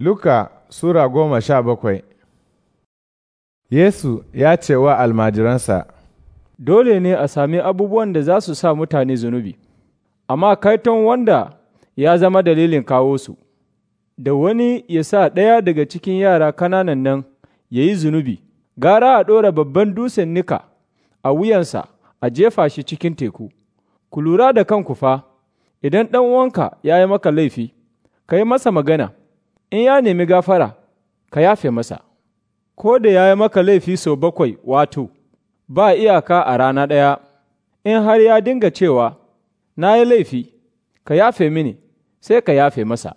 Luka Sura goma sha bakwai Yesu ya ce wa almajiransa, Dole ne a sami abubuwan da za su sa mutane zunubi, amma kaiton wanda ya zama dalilin kawo su, da wani ya sa ɗaya daga cikin yara kananan nan ya yi zunubi, gara a ɗora babban dusen nika a wuyansa a jefa shi cikin teku. Ku lura da kanku fa, idan ɗan wanka ya yi maka laifi, ka yi masa magana. in ya nemi gafara, ka yafe masa, ko da ya yi maka laifi sau bakwai wato, ba iyaka a rana ɗaya, in har ya dinga cewa, Na yi laifi, ka yafe mini, sai ka yafe masa.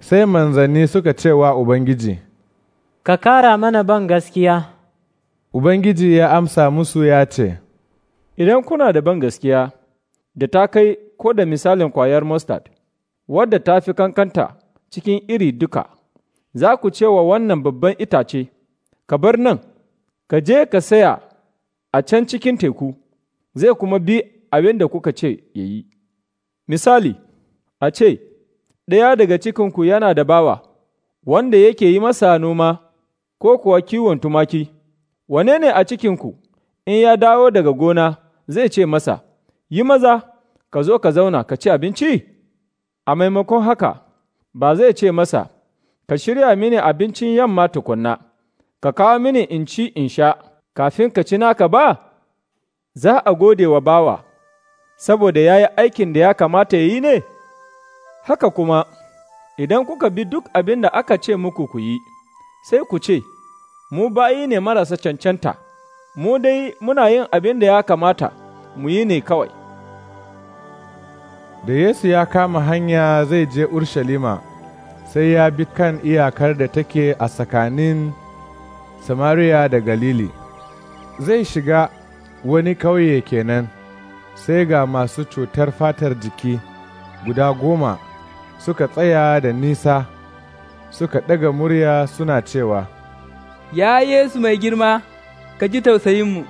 Sai manzanni suka ce wa Ubangiji, Ka kara mana ban gaskiya. Ubangiji ya amsa musu ya ce, Idan kuna da ban gaskiya, da ta kai ko da misalin kwayar mustard, wadda ta fi kankanta cikin iri duka, za ku ce wa wannan babban itace, Ka bar nan, ka je ka saya a can cikin teku, zai kuma bi abin da kuka ce ya yi. Misali, a ce, ɗaya daga cikinku yana da bawa, wanda yake yi masa noma ko kuwa kiwon tumaki, wane ne a cikinku in ya dawo daga gona zai ce masa, Yi maza, ka zo ka zauna ka ci abinci? A maimakon haka, ba zai ce masa, Ka shirya mini abincin yamma tukunna, ka kawo mini in ci in sha, kafin ka ci naka ba, za a gode wa bawa, saboda ya yi aikin da ya kamata ya yi ne? Haka kuma, idan kuka bi duk abin da aka ce muku ku yi, sai ku ce, Mu bayi ne marasa cancanta, mu dai muna yin abin da ya kamata, mu yi ne kawai. Da Yesu ya kama hanya zai je Urshalima, sai ya bi kan iyakar da take a tsakanin Samariya da Galili. Zai shiga wani kauye kenan, sai ga masu cutar fatar jiki guda goma suka tsaya da nisa, suka ɗaga murya suna cewa, Ya Yesu mai girma, ka ji tausayinmu.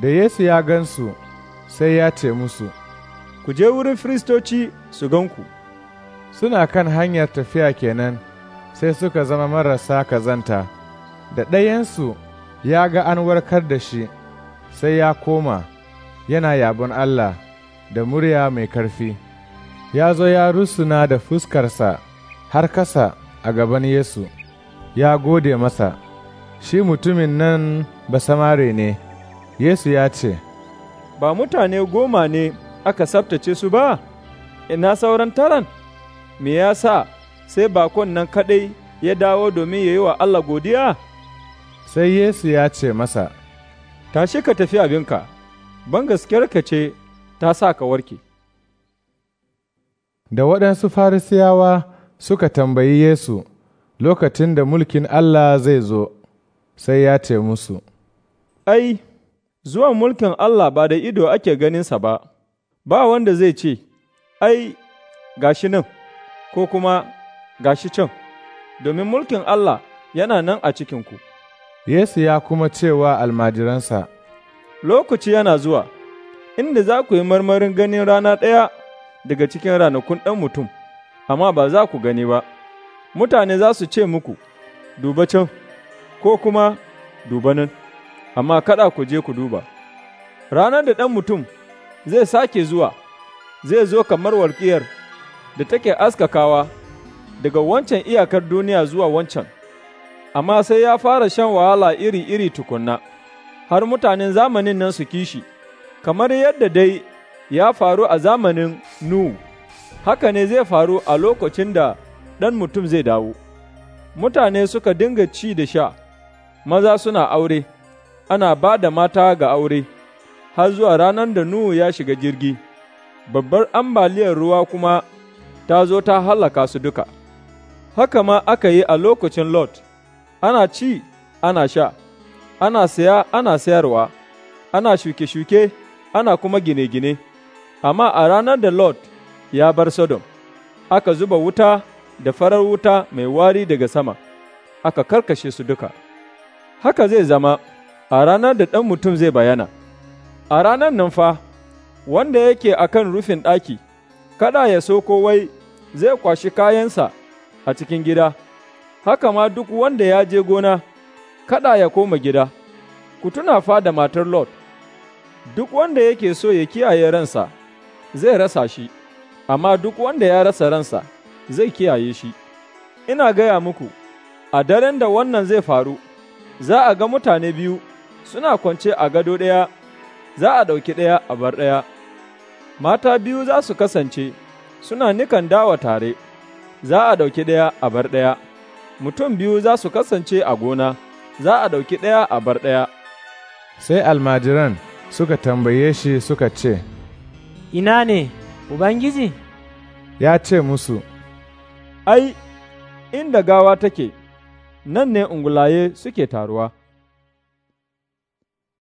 Da Yesu ya gansu, sai ya ce musu, ku je wurin firistoci su ganku. Suna kan hanyar tafiya kenan sai suka zama marasa kazanta, da ɗayansu ya ga an warkar da shi, sai ya koma yana yabon Allah da murya mai ƙarfi. Ya zo ya rusuna da fuskarsa har kasa a gaban Yesu, ya gode masa, shi mutumin nan ba samare ne, Yesu ya ce, Ba mutane goma ne aka sabtace su ba, ina sauran taron?" me ya sa sai bakon nan kaɗai ya dawo domin ya yi wa Allah godiya? Sai Yesu ya ce masa, Tashi ka tafi abinka, ban gaskiyar ka ce ta sa ka warke. Da waɗansu Farisiyawa suka tambayi Yesu lokacin da mulkin Allah zai zo, sai ya ce musu, Ai, zuwan mulkin Allah ba da ido ake ganinsa ba. ba wanda zai ce, Ai, gashi nan, ko kuma gashi can, domin mulkin Allah yana nan a cikinku. Yesu ya kuma cewa almajiransa, Lokaci yana zuwa, inda za ku yi marmarin ganin rana ɗaya daga cikin ranakun ɗan mutum, amma ba za ku gani ba, mutane za su ce muku, Duba can, ko kuma duba nan, amma kada ku je ku duba. Ranar da ɗan mutum zai sake zuwa, zai zo kamar walƙiyar da take askakawa daga wancan iyakar duniya zuwa wancan, amma sai ya fara shan wahala iri-iri tukunna, har mutanen zamanin nan su kishi, kamar yadda dai ya faru a zamanin nu, haka ne zai faru a lokacin da ɗan mutum zai dawo. Mutane suka dinga ci da sha, maza suna aure, ana ba da mata ga aure. har zuwa ranar da Nuhu ya shiga jirgi, babbar ambaliyar ruwa kuma ta zo ta hallaka su duka. Haka ma aka yi a lokacin Lot, ana ci, ana sha, ana saya, ana sayarwa, ana shuke-shuke, ana kuma gine-gine, amma a ranar da Lot ya bar Sodom, aka zuba wuta da farar wuta mai wari daga sama, aka karkashe su duka. Haka zai zama a ranar da ɗan mutum zai bayana. A ranar nan fa, wanda yake a kan rufin ɗaki, kada ya so kowai zai kwashi kayansa a cikin gida, haka ma duk wanda ya je gona, kada ya koma gida, ku tuna fa da matar lord duk wanda yake so ya kiyaye ransa, zai rasa shi, amma duk wanda ya rasa ransa, zai kiyaye shi. Ina gaya muku, a daren da wannan zai faru, za a ga mutane biyu suna kwance a gado ɗaya. za a ɗauki ɗaya a bar ɗaya, mata biyu za su kasance suna nikan dawa tare, za a ɗauki ɗaya a bar ɗaya, mutum biyu za su kasance a gona, za a ɗauki ɗaya a bar ɗaya. Sai almajiran suka tambaye shi suka ce, Ina ne, Ubangiji? Ya ce musu, Ai, inda gawa take, nan ne ungulaye suke taruwa.